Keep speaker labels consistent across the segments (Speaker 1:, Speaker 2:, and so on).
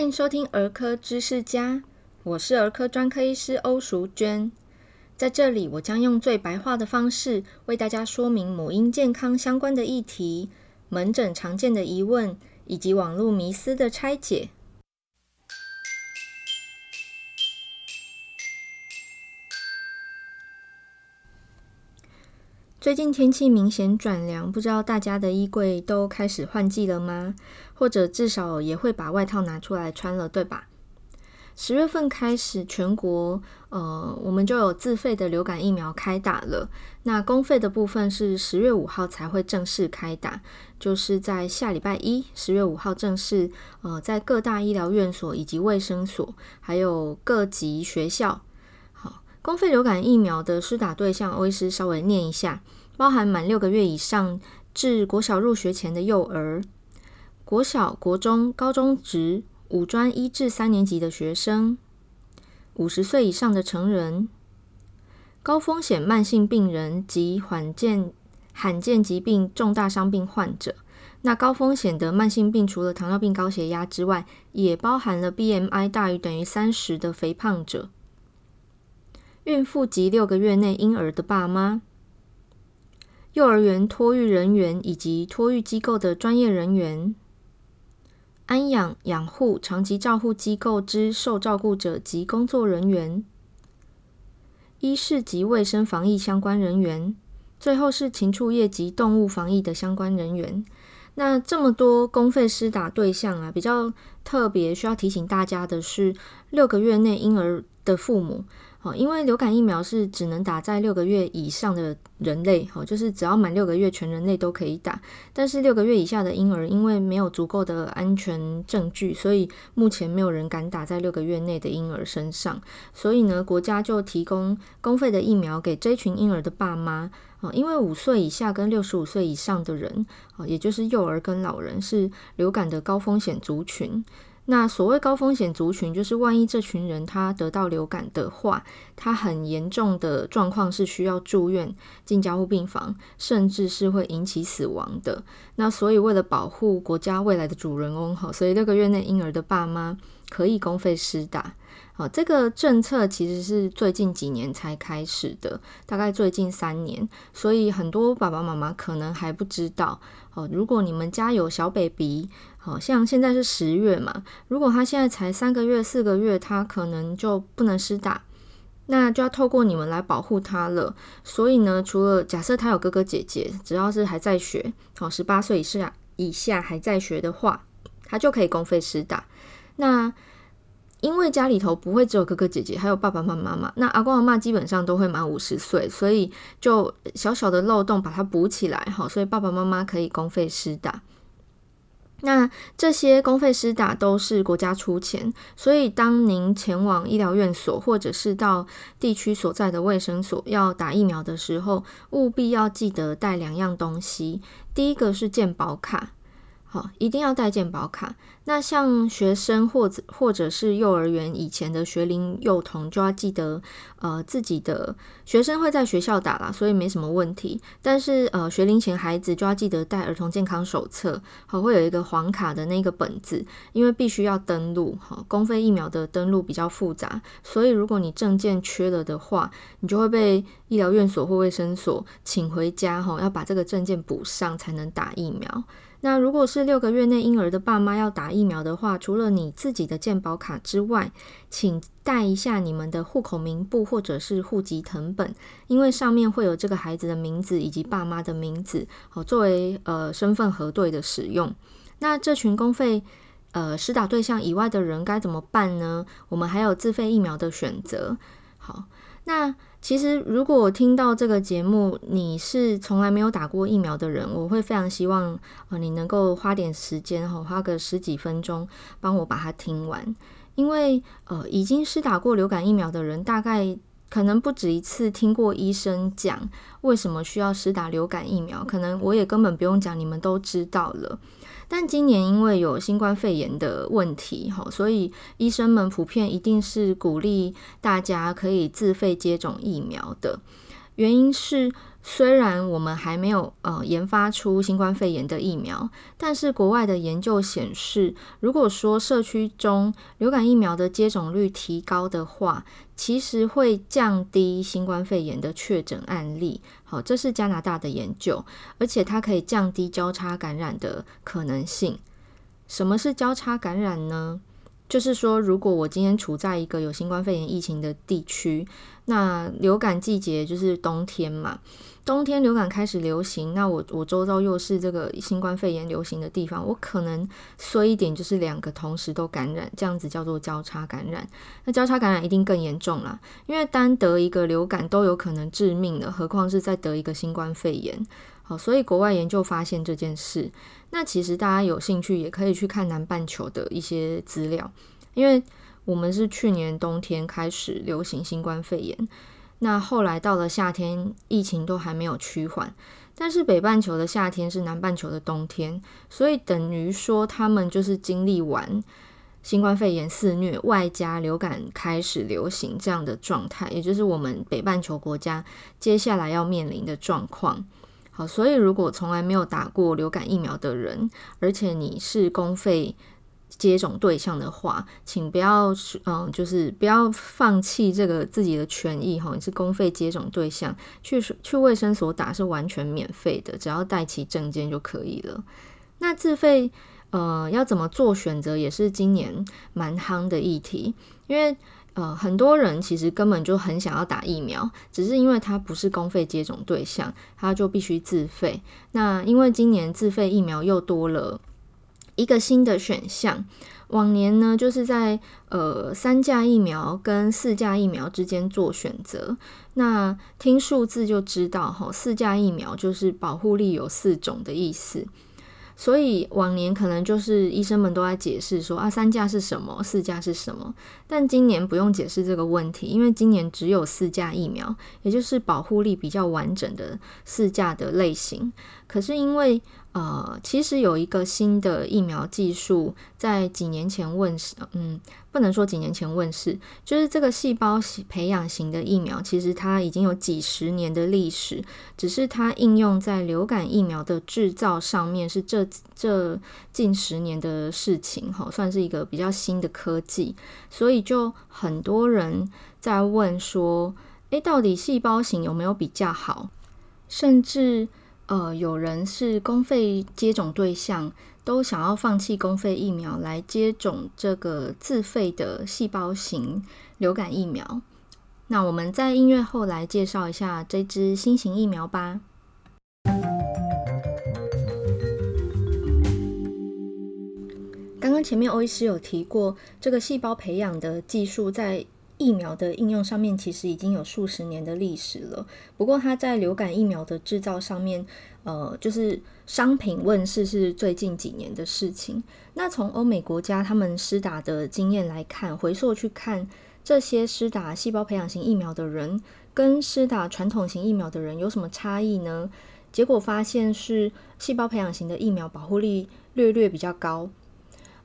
Speaker 1: 歡迎收聽《兒科知識家》，我是兒科專科醫師歐淑娟，在這裡我將用最白話的方式為大家說明母嬰健康相關的議題、門診常見的疑問以及網絡迷思的拆解。最近天氣明顯轉涼，不知道大家的衣櫃都開始換季了嗎？或者至少也會把外套拿出來穿了，對吧？十月份開始，全國呃，我們就有自費的流感疫苗開打了。那公費的部分是十月五號才會正式開打，就是在下禮拜一，十月五號正式呃，在各大醫療院所以及衛生所，還有各級學校，好，公費流感疫苗的施打對象，歐醫師稍微念一下。包含滿六個月以上至國小入學前的幼兒，國小、國中、高中職、五專一至三年級的學生，五十歲以上的成人，高風險慢性病人及罕見罕見疾病重大傷病患者。那高風險的慢性病除了糖尿病、高血壓之外，也包含了 BMI 大於等於三十的肥胖者、孕婦及六個月內嬰兒的爸媽。幼兒園托育人員以及托育機構的專業人員，安養養護長期照護機構之受照顧者及工作人員，醫事及衛生防疫相關人員，最後是禽畜業及動物防疫的相關人員。那這麼多公費施打對象啊，比較特別需要提醒大家的是，六個月內嬰兒的父母。好，因為流感疫苗是只能打在六個月以上的人類，好，就是只要滿六個月，全人類都可以打。但是六個月以下的嬰兒，因為沒有足夠的安全證據，所以目前沒有人敢打在六個月內的嬰兒身上。所以呢，國家就提供公費的疫苗給這群嬰兒的爸媽。啊，因為五歲以下跟六十五歲以上的人，啊，也就是幼兒跟老人，是流感的高風險族群。那所謂高風險族群，就是萬一這群人他得到流感的話，他很嚴重的狀況是需要住院進加護病房，甚至是會引起死亡的。那所以為了保護國家未來的主人翁，好，所以六個月內嬰兒的爸媽可以公費施打。好，這個政策其實是最近幾年才開始的，大概最近三年，所以很多爸爸媽媽可能還不知道。哦，如果你們家有小 baby，好、哦、像現在是十月嘛。如果他現在才三個月、四個月，他可能就不能施打。那就要透過你們來保護他了。所以呢，除了假設他有哥哥姐姐，只要是還在學，哦，十八歲以下以下還在學的話，他就可以公費施打。那因為家裡頭不會只有哥哥姐姐，還有爸爸媽媽嘛。那阿公阿嬤基本上都會滿五十歲，所以就小小的漏洞把它補起來，所以爸爸媽媽可以公費施打。那這些公費施打都是國家出錢，所以當您前往醫療院所或者是到地區所在的衛生所要打疫苗的時候，務必要記得帶兩樣東西。第一個是健保卡。好，一定要帶健保卡。那像學生或者或者是幼兒園以前的學齡幼童，就要記得，呃，自己的學生會在學校打啦，所以沒什麼問題。但是，呃，學齡前孩子就要記得帶兒童健康手冊。好，會有一個黃卡的那個本子，因為必須要登錄。哈，公費疫苗的登錄比較複雜，所以如果你證件缺了的話，你就會被醫療院所或衛生所請回家，哈，要把這個證件補上才能打疫苗。那如果是六個月內嬰兒的爸媽要打疫苗的話，除了你自己的健保卡之外，請帶一下你們的戶口名簿或者是戶籍謄本，因為上面會有這個孩子的名字以及爸媽的名字，好作為呃身份核對的使用。那這群公費呃施打對象以外的人該怎麼辦呢？我們還有自費疫苗的選擇，好。那其實，如果聽到這個節目，你是從來沒有打過疫苗的人，我會非常希望你能夠花點時間，花個十幾分鐘幫我把它聽完。因為呃，已經施打過流感疫苗的人，大概可能不止一次聽過醫生講為什麼需要施打流感疫苗，可能我也根本不用講，你們都知道了。但今年因為有新冠肺炎的問題，所以醫生們普遍一定是鼓勵大家可以自費接種疫苗的，原因是，雖然我們還沒有呃研發出新冠肺炎的疫苗，但是國外的研究顯示，如果說社區中流感疫苗的接種率提高的話，其實會降低新冠肺炎的確診案例。好，哦，這是加拿大的研究，而且它可以降低交叉感染的可能性。什麼是交叉感染呢？就是說，如果我今天處在一個有新冠肺炎疫情的地區，那流感季節就是冬天嘛。冬天流感開始流行，那我我周遭又是這個新冠肺炎流行的地方，我可能衰一點就是兩個同時都感染，這樣子叫做交叉感染。那交叉感染一定更嚴重啦，因為單得一個流感都有可能致命的，何況是再得一個新冠肺炎。好，所以國外研究發現這件事，那其實大家有興趣也可以去看南半球的一些資料，因為我們是去年冬天開始流行新冠肺炎。那後來到了夏天，疫情都還沒有趨緩，但是北半球的夏天是南半球的冬天，所以等於說他們就是經歷完新冠肺炎肆虐，外加流感開始流行這樣的狀態，也就是我們北半球國家接下來要面臨的狀況。好，所以如果從來沒有打過流感疫苗的人，而且你是公費。接種對象的話，請不要嗯、呃，就是不要放棄這個自己的權益哈。你是公費接種對象，去去衛生所打是完全免費的，只要帶齊證件就可以了。那自費呃，要怎麼做選擇也是今年蠻夯的議題，因為呃，很多人其實根本就很想要打疫苗，只是因為他不是公費接種對象，他就必須自費。那因為今年自費疫苗又多了。一個新的選項，往年呢，就是在呃三價疫苗跟四價疫苗之間做選擇。那聽數字就知道吼、哦、四價疫苗就是保護力有四種的意思。所以往年可能就是醫生們都在解釋說啊，三價是什麼，四價是什麼。但今年不用解釋這個問題，因為今年只有四價疫苗，也就是保護力比較完整的四價的類型。可是因為，呃，其實有一個新的疫苗技術在幾年前問世，嗯，不能說幾年前問世，就是這個細胞培養型的疫苗，其實它已經有幾十年的歷史，只是它應用在流感疫苗的制造上面是這這近十年的事情，哈、哦，算是一個比較新的科技，所以就很多人在問說，誒，到底細胞型有沒有比較好，甚至。呃，有人是公費接種對象，都想要放棄公費疫苗來接種這個自費的細胞型流感疫苗。那我們在音樂後來介紹一下這支新型疫苗吧。剛剛前面歐醫師有提過，這個細胞培養的技術在。疫苗的應用上面其實已經有數十年的歷史了，不過它在流感疫苗的製造上面，呃，就是商品問世是最近幾年的事情。那從歐美國家他們施打的經驗來看，回溯去看這些施打細胞培養型疫苗的人跟施打傳統型疫苗的人有什麼差異呢？結果發現是細胞培養型的疫苗保護力略略比較高。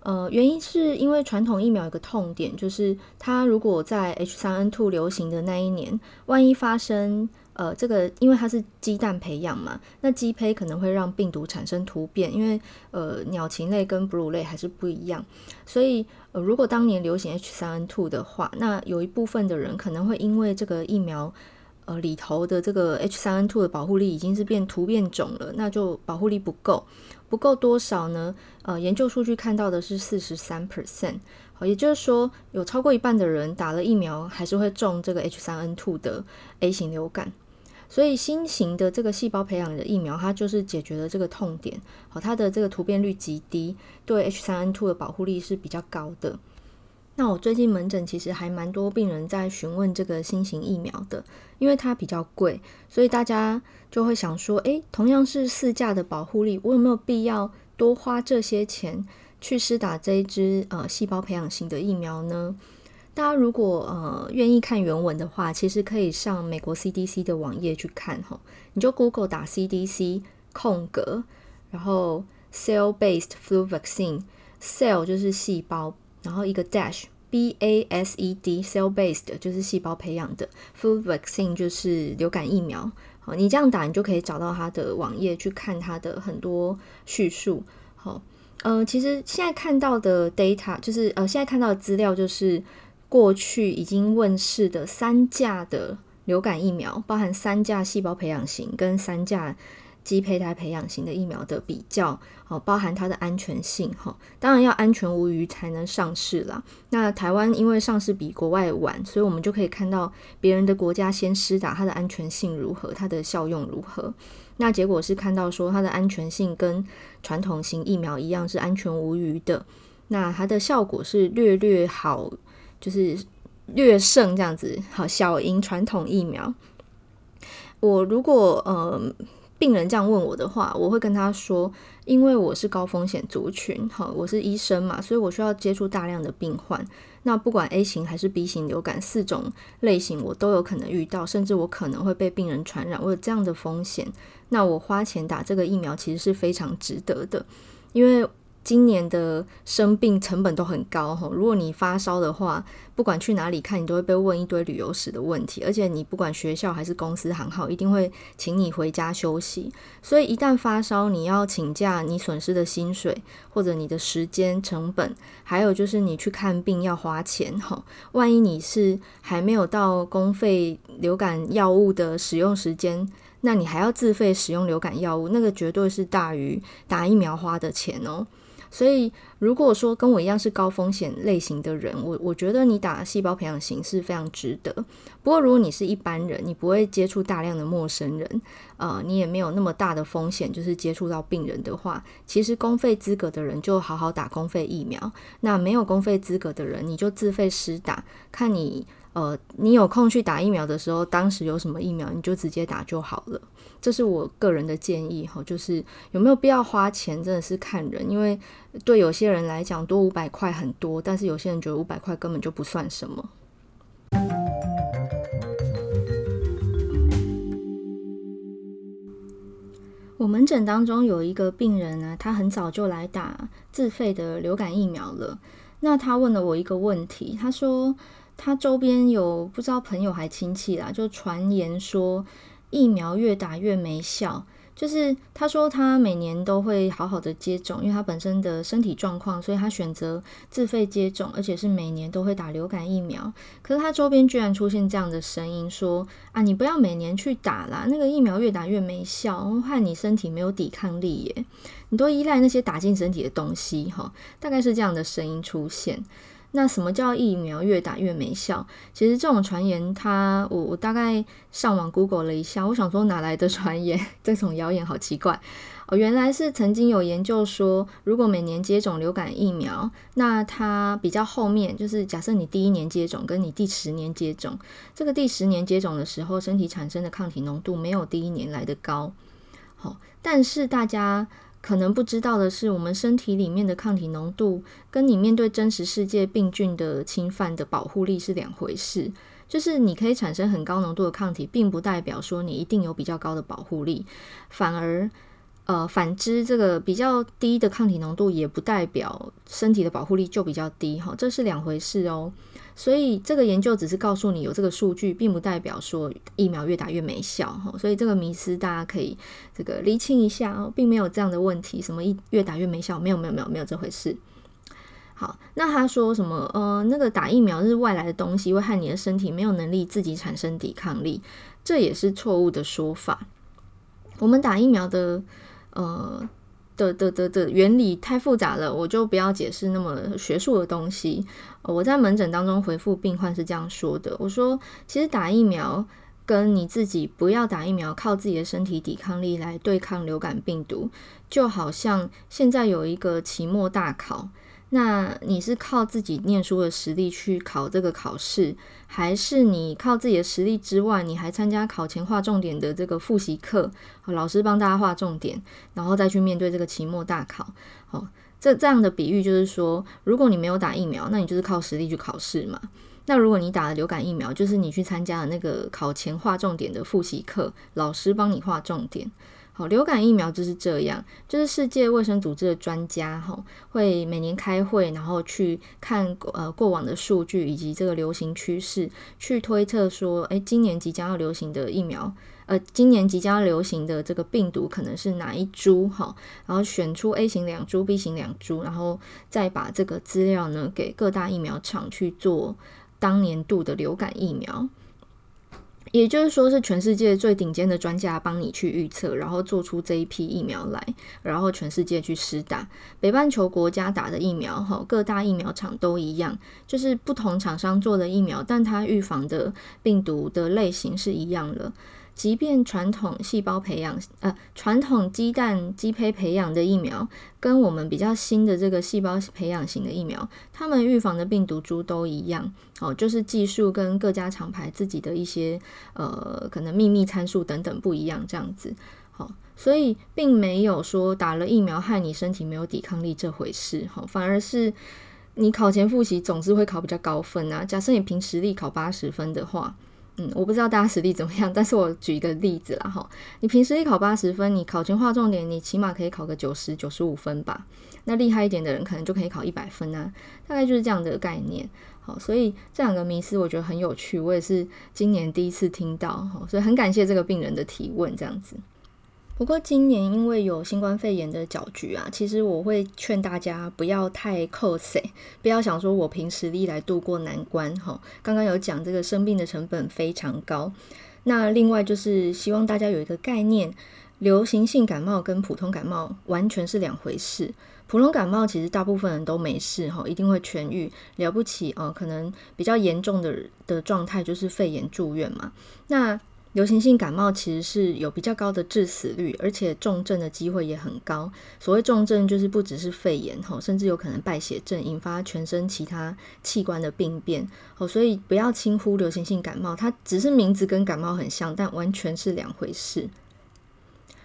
Speaker 1: 呃，原因是因為傳統疫苗有個痛點，就是它如果在 H3N2 流行的那一年，萬一發生，呃，這個因為它是雞蛋培養嘛，那雞胚可能會讓病毒產生突變，因為呃，鳥禽類跟哺乳類還是不一樣，所以呃，如果當年流行 H3N2 的話，那有一部分的人可能會因為這個疫苗，呃，裡頭的這個 H3N2 的保護力已經是變突變種了，那就保護力不夠。不夠多少呢？呃，研究數據看到的是四十三 percent，好，也就是說有超過一半的人打了疫苗還是會中這個 H3N2 的 A 型流感，所以新型的這個細胞培養的疫苗，它就是解決了這個痛點，好，它的這個突變率極低，對 H3N2 的保護力是比較高的。那我最近門診其實還蠻多病人在詢問這個新型疫苗的，因為它比較貴，所以大家就會想說：哎，同樣是四價的保護力，我有沒有必要多花這些錢去施打這一支呃細胞培養型的疫苗呢？大家如果呃願意看原文的話，其實可以上美國 CDC 的網頁去看哈，你就 Google 打 CDC 空格，然後 cell-based flu vaccine，cell 就是細胞。然後一個 dash b a s e d cell based 就是細胞培養的 flu vaccine 就是流感疫苗。好，你這樣打，你就可以找到它的網頁去看它的很多敘述。好，呃，其實現在看到的 data 就是呃，現在看到的資料就是過去已經問世的三價的流感疫苗，包含三價細胞培養型跟三價。雞胚胎培養型的疫苗的比較，哦，包含它的安全性，哈，當然要安全無虞，才能上市啦。那台灣因為上市比國外晚，所以我們就可以看到別人的國家先施打，它的安全性如何，它的效用如何。那結果是看到說，它的安全性跟傳統型疫苗一樣是安全無虞的，那它的效果是略略好，就是略勝這樣子，好，小贏傳統疫苗。我如果，嗯、呃。病人這樣問我的話，我會跟他說，因為我是高風險族群，好，我是醫生嘛，所以我需要接觸大量的病患。那不管 A 型還是 B 型流感，四種類型我都有可能遇到，甚至我可能會被病人傳染，我有這樣的風險。那我花錢打這個疫苗，其實是非常值得的，因為。今年的生病成本都很高哈。如果你發燒的話，不管去哪裡看，你都會被問一堆旅遊史的問題。而且你不管學校還是公司行號，一定會請你回家休息。所以一旦發燒，你要請假，你損失的薪水或者你的時間成本，還有就是你去看病要花錢哈。萬一你是還沒有到公費流感藥物的使用時間，那你還要自費使用流感藥物，那個絕對是大於打疫苗花的錢哦、喔。所以，如果說跟我一樣是高風險類型的人，我我覺得你打細胞培養型是非常值得。不過，如果你是一般人，你不會接觸大量的陌生人，呃，你也沒有那麼大的風險，就是接觸到病人的話，其實公費資格的人就好好打公費疫苗。那沒有公費資格的人，你就自費施打，看你。呃，你有空去打疫苗的時候，當時有什麼疫苗，你就直接打就好了。這是我個人的建議，就是有沒有必要花錢，真的是看人，因為對有些人來講，多五百塊很多，但是有些人覺得五百塊根本就不算什麼。我門診當中有一個病人呢，啊，他很早就來打自費的流感疫苗了，那他問了我一個問題，他說，他周邊有不知道朋友還親戚啦，就傳言說疫苗越打越沒效。就是他說他每年都會好好的接種，因為他本身的身體狀況，所以他選擇自費接種，而且是每年都會打流感疫苗。可是他周邊居然出現這樣的聲音說，說啊，你不要每年去打啦，那個疫苗越打越沒效，哦，害你身體沒有抵抗力耶，你都依賴那些打進身體的東西哈，哦，大概是這樣的聲音出現。那什麼叫疫苗越打越沒效？其實這種傳言它，它、哦、我我大概上網 Google 了一下，我想說，哪來的傳言？這種謠言好奇怪哦。原來是曾經有研究說，如果每年接種流感疫苗，那它比較後面，就是假設你第一年接種，跟你第十年接種，這個第十年接種的時候，身體產生的抗體濃度沒有第一年來得高。好、哦，但是大家。可能不知道的是，我們身體裡面的抗體濃度跟你面對真實世界病菌的侵犯的保護力是兩回事。就是你可以產生很高濃度的抗體，並不代表說你一定有比較高的保護力，反而呃，反之這個比較低的抗體濃度，也不代表身體的保護力就比較低。哈，這是兩回事哦。所以這個研究只是告訴你有這個數據，並不代表說疫苗越打越沒效，哦，所以這個迷思大家可以這個釐清一下哦，並沒有這樣的問題，什麼越打越沒效，沒有沒有沒有沒有這回事。好，那他說什麼呃，那個打疫苗是外來的東西，會害你的身體沒有能力自己產生抵抗力，這也是錯誤的說法。我們打疫苗的呃。的的的的原理太複雜了，我就不要解釋那麼學術的東西。我在門診當中回復病患是這樣說的：我說，其實打疫苗跟你自己不要打疫苗，靠自己的身體抵抗力來對抗流感病毒，就好像現在有一個期末大考。那你是靠自己念書的實力去考這個考試，還是你靠自己的實力之外，你還參加考前劃重點的這個複習課，好，老師幫大家劃重點，然後再去面對這個期末大考。好，這這樣的比喻就是說，如果你沒有打疫苗，那你就是靠實力去考試嘛。那如果你打了流感疫苗，就是你去參加了那個考前劃重點的複習課，老師幫你劃重點。好，流感疫苗就是這樣，就是世界衛生組織的專家哈，會每年開會，然後去看呃過往的數據以及這個流行趨勢，去推測說，誒，今年即將要流行的疫苗，呃，今年即將要流行的這個病毒可能是哪一株哈，然後選出 A 型兩株，B 型兩株，然後再把這個資料呢給各大疫苗廠去做當年度的流感疫苗。也就是說，是全世界最頂尖的專家幫你去預測，然後做出這一批疫苗來，然後全世界去施打。北半球國家打的疫苗，哈，各大疫苗廠都一樣，就是不同廠商做的疫苗，但它預防的病毒的類型是一樣的。即便傳統細胞培養，呃，傳統雞蛋雞胚培養的疫苗，跟我們比較新的這個細胞培養型的疫苗，它們預防的病毒株都一樣，哦，就是技術跟各家廠牌自己的一些，呃，可能秘密參數等等不一樣，這樣子，好、哦，所以並沒有說打了疫苗害你身體沒有抵抗力這回事，好、哦，反而是你考前複習，總是會考比較高分啊。假設你憑實力考八十分的話。嗯，我不知道大家實力怎麼樣，但是我舉一個例子啦哈。你平時一考八十分，你考前劃重點，你起碼可以考個九十九十五分吧。那厲害一點的人，可能就可以考一百分啊。大概就是這樣的概念。好，所以這兩個迷思，我覺得很有趣，我也是今年第一次聽到哈，所以很感謝這個病人的提問，這樣子。不過今年因為有新冠肺炎的攪局啊，其實我會勸大家不要太 cos，不要想說我憑實力來度過難關。哈、哦，剛剛有講這個生病的成本非常高。那另外就是希望大家有一個概念，流行性感冒跟普通感冒完全是兩回事。普通感冒其實大部分人都沒事，哈、哦，一定會痊癒。了不起、哦、可能比較嚴重的的狀態就是肺炎住院嘛。那流行性感冒其實是有比較高的致死率，而且重症的機會也很高。所謂重症就是不只是肺炎，甚至有可能敗血症，引發全身其他器官的病變。所以不要輕忽流行性感冒，它只是名字跟感冒很像，但完全是兩回事。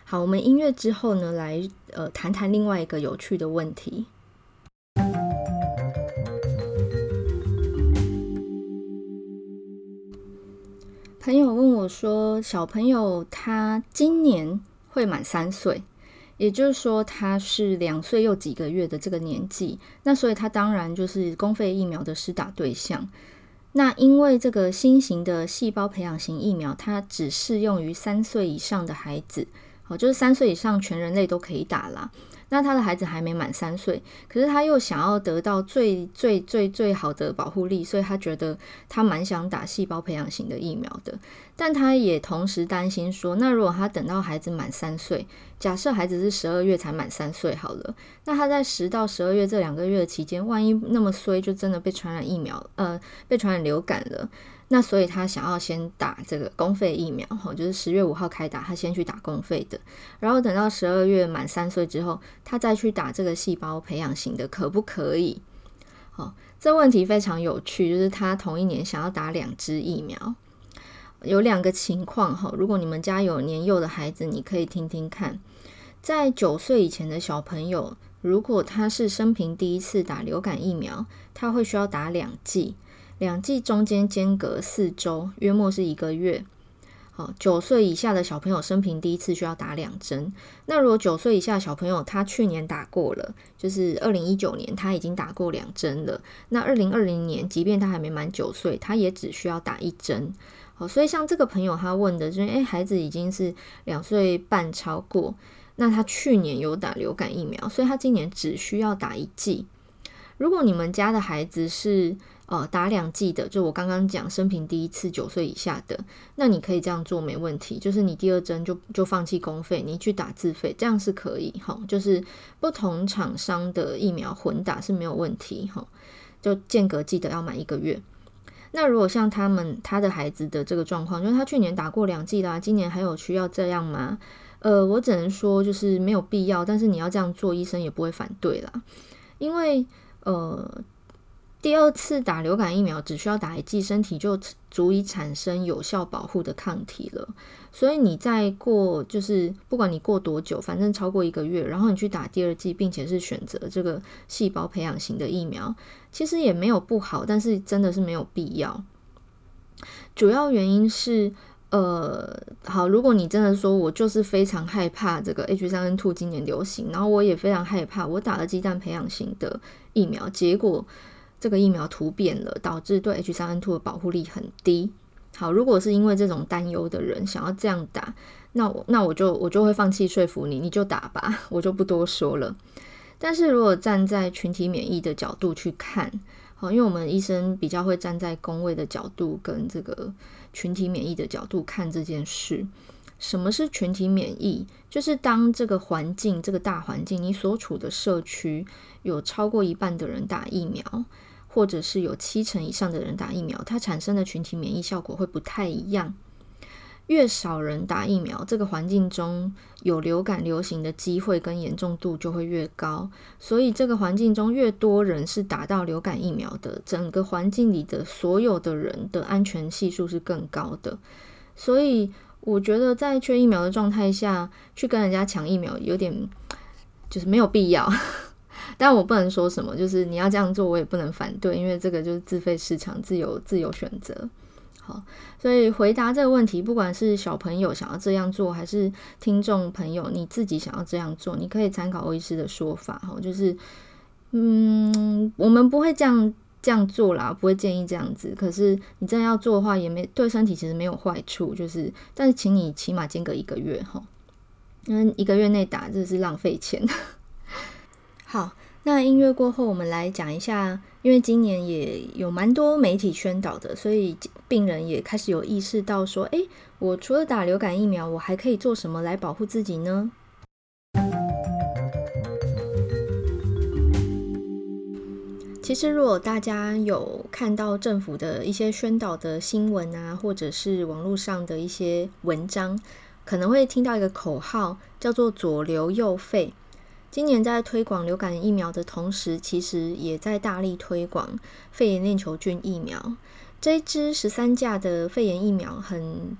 Speaker 1: 好，我們音樂之後呢，來呃談談另外一個有趣的問題。朋友問我說：“小朋友他今年會滿三歲，也就是說他是兩歲又幾個月的這個年紀，那所以他當然就是公費疫苗的施打對象。那因為這個新型的細胞培養型疫苗，它只適用於三歲以上的孩子，好，就是三歲以上全人類都可以打了。”那他的孩子還沒滿三歲，可是他又想要得到最最最最好的保護力，所以他覺得他蠻想打細胞培養型的疫苗的。但他也同時擔心說，那如果他等到孩子滿三歲，假設孩子是十二月才滿三歲好了，那他在十到十二月這兩個月的期間，萬一那麼衰，就真的被傳染疫苗，呃，被傳染流感了。那所以他想要先打這個公費疫苗，就是十月五號開打，他先去打公費的，然後等到十二月滿三歲之後，他再去打這個細胞培養型的，可不可以？好，哦，這問題非常有趣，就是他同一年想要打兩支疫苗，有兩個情況哈。如果你們家有年幼的孩子，你可以聽聽看，在九歲以前的小朋友，如果他是生平第一次打流感疫苗，他會需要打兩劑。兩劑中間間隔四周，約莫是一個月。好，九歲以下的小朋友生平第一次需要打兩針。那如果九歲以下的小朋友他去年打過了，就是二零一九年他已經打過兩針了。那二零二零年，即便他還沒滿九歲，他也只需要打一針。好，所以像這個朋友他問的就是：哎，孩子已經是兩歲半超過，那他去年有打流感疫苗，所以他今年只需要打一劑。如果你們家的孩子是，呃，打兩劑的，就我剛剛講，生平第一次九歲以下的，那你可以這樣做，沒問題。就是你第二針就就放棄公費，你去打自費，這樣是可以齁，就是不同廠商的疫苗混打是沒有問題齁，就間隔記得要滿一個月。那如果像他們他的孩子的這個狀況，就是他去年打過兩劑啦，今年還有需要這樣嗎？呃，我只能說就是沒有必要，但是你要這樣做，醫生也不會反對啦，因為呃。第二次打流感疫苗只需要打一劑，身體就足以產生有效保護的抗體了。所以你再過就是不管你過多久，反正超過一個月，然後你去打第二劑，並且是選擇這個細胞培養型的疫苗，其實也沒有不好，但是真的是沒有必要。主要原因是，呃，好，如果你真的說我就是非常害怕這個 H3N2 今年流行，然後我也非常害怕，我打了雞蛋培養型的疫苗，結果。這個疫苗突變了，導致對 H3N2 的保護力很低。好，如果是因為這種擔憂的人想要這樣打，那我那我就我就會放棄說服你，你就打吧，我就不多說了。但是如果站在群體免疫的角度去看，好，因為我們醫生比較會站在公衛的角度跟這個群體免疫的角度看這件事。什麼是群體免疫？就是當這個環境、這個大環境，你所處的社區有超過一半的人打疫苗，或者是有七成以上的人打疫苗，它產生的群體免疫效果會不太一樣。越少人打疫苗，這個環境中有流感流行的機會跟嚴重度就會越高。所以這個環境中越多人是打到流感疫苗的，整個環境裡的所有的人的安全係數是更高的。所以我覺得在缺疫苗的狀態下去跟人家搶疫苗，有點就是沒有必要。但我不能說什麼，就是你要這樣做，我也不能反對，因為這個就是自費市場，自由自由選擇。好，所以回答這個問題，不管是小朋友想要這樣做，還是聽眾朋友你自己想要這樣做，你可以參考歐醫師的說法，哈，就是嗯，我們不會這樣這樣做啦，不會建議這樣子。可是你真的要做的話，也沒對身體其實沒有壞處，就是，但是請你起碼間隔一個月，哈，因為一個月內打，這是浪費錢。好。那音樂過後，我們來講一下，因為今年也有蠻多媒體宣導的，所以病人也開始有意識到說，欸，我除了打流感疫苗，我還可以做什麼來保護自己呢？其實，如果大家有看到政府的一些宣導的新聞啊，或者是網絡上的一些文章，可能會聽到一個口號，叫做“左流右肺”。今年在推廣流感疫苗的同時，其實也在大力推廣肺炎鏈球菌疫苗。這一支十三價的肺炎疫苗很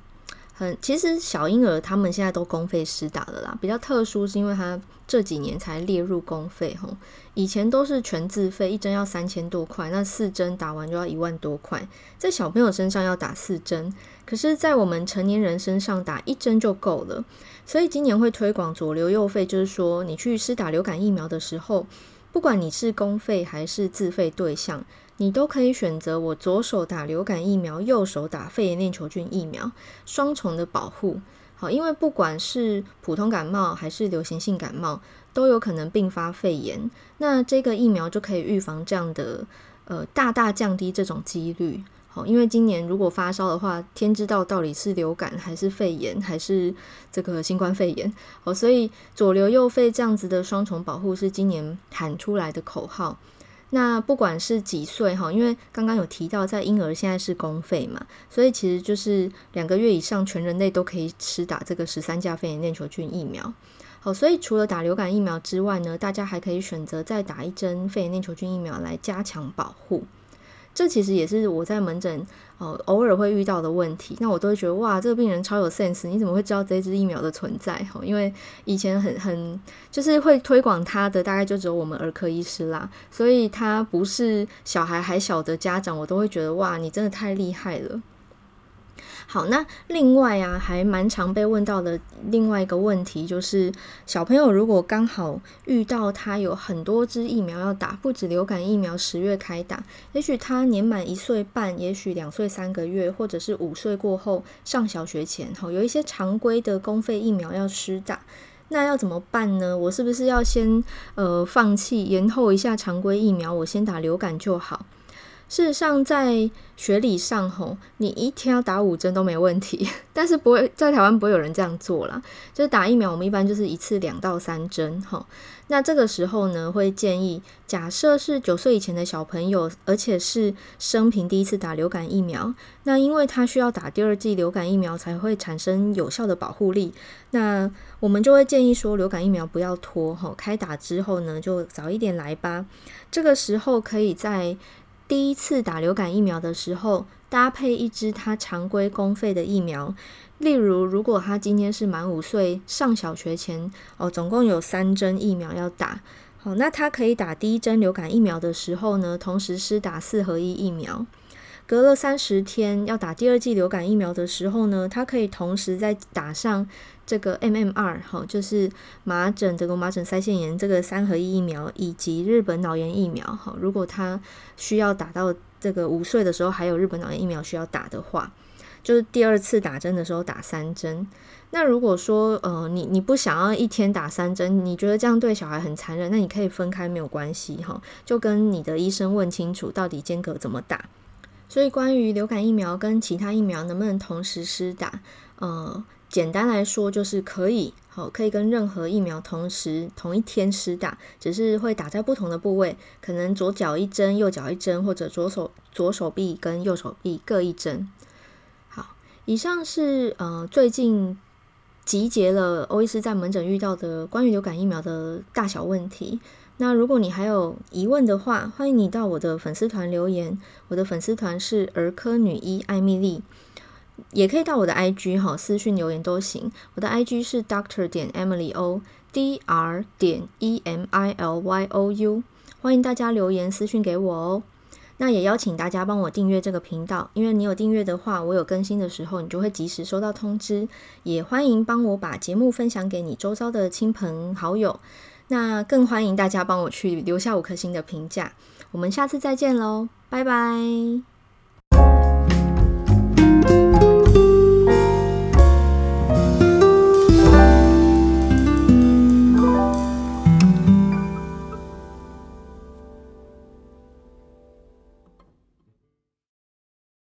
Speaker 1: 很，其實小嬰兒他們現在都公費施打的啦。比較特殊是因為它這幾年才列入公費吼，以前都是全自費，一針要三千多塊，那四針打完就要一萬多塊。在小朋友身上要打四針，可是，在我們成年人身上打一針就夠了。所以今年會推廣左流右肺，就是說你去施打流感疫苗的時候，不管你是公費還是自費對象，你都可以選擇我左手打流感疫苗，右手打肺炎鏈球菌疫苗，雙重的保護。好，因為不管是普通感冒還是流行性感冒，都有可能併發肺炎，那這個疫苗就可以預防這樣的，呃，大大降低這種幾率。好，因為今年如果發燒的話，天知道到底是流感還是肺炎還是這個新冠肺炎。好，所以左流右肺這樣子的雙重保護是今年喊出來的口號。那不管是幾歲哈，因為剛剛有提到在嬰兒現在是公費嘛，所以其實就是兩個月以上全人類都可以吃打這個十三價肺炎鏈球菌疫苗。好，所以除了打流感疫苗之外呢，大家還可以選擇再打一針肺炎鏈球菌疫苗來加強保護。這其實也是我在門診哦、呃、偶爾會遇到的問題，那我都會覺得哇，這個病人超有 sense，你怎麼會知道這支疫苗的存在？哦、因為以前很很就是會推廣它的，大概就只有我們兒科醫師啦，所以他不是小孩還小的家長，我都會覺得哇，你真的太厲害了。好，那另外啊，還蠻常被問到的另外一個問題，就是小朋友如果剛好遇到他有很多支疫苗要打，不止流感疫苗十月開打，也許他年滿一歲半，也許兩歲三個月，或者是五歲過後上小學前，好，有一些常規的公費疫苗要施打，那要怎麼辦呢？我是不是要先呃放棄延後一下常規疫苗，我先打流感就好？事實上，在學理上吼，你一天要打五針都沒問題，但是不會在台灣不會有人這樣做了。就是打疫苗，我們一般就是一次兩到三針哈。那這個時候呢，會建議，假設是九歲以前的小朋友，而且是生平第一次打流感疫苗，那因為他需要打第二劑流感疫苗才會產生有效的保護力，那我們就會建議說，流感疫苗不要拖吼，開打之後呢，就早一點來吧。這個時候可以在。第一次打流感疫苗的時候，搭配一支他常規公費的疫苗，例如如果他今天是滿五歲上小學前，哦，總共有三針疫苗要打，好，那他可以打第一針流感疫苗的時候呢，同時施打四合一疫苗，隔了三十天要打第二劑流感疫苗的時候呢，他可以同時再打上。這個 MMR、哦、就是麻疹這個麻疹腮、腮腺炎這個三合一疫苗以及日本腦炎疫苗、哦。如果他需要打到這個五歲的時候，還有日本腦炎疫苗需要打的話，就是第二次打針的時候打三針。那如果說呃你你不想要一天打三針，你覺得這樣對小孩很殘忍，那你可以分開沒有關係哈、哦，就跟你的醫生問清楚到底間隔怎麼打。所以關於流感疫苗跟其他疫苗能不能同時施打，呃。簡單來說就是可以，好，可以跟任何疫苗同時同一天施打，只是會打在不同的部位，可能左腳一針，右腳一針，或者左手左手臂跟右手臂各一針。好，以上是呃最近集結了歐醫師在門診遇到的關於流感疫苗的大小問題。那如果你還有疑問的話，歡迎你到我的粉絲團留言，我的粉絲團是兒科女醫艾蜜莉。也可以到我的 IG 哈，私訊留言都行。我的 IG 是 d r 點 Emilyou D R 點 E M I L Y O U，歡迎大家留言私訊給我哦。那也邀請大家幫我訂閱這個頻道，因為你有訂閱的話，我有更新的時候，你就會及時收到通知。也歡迎幫我把節目分享給你周遭的親朋好友。那更歡迎大家幫我去留下五顆星的評價。我們下次再見嘍，拜拜。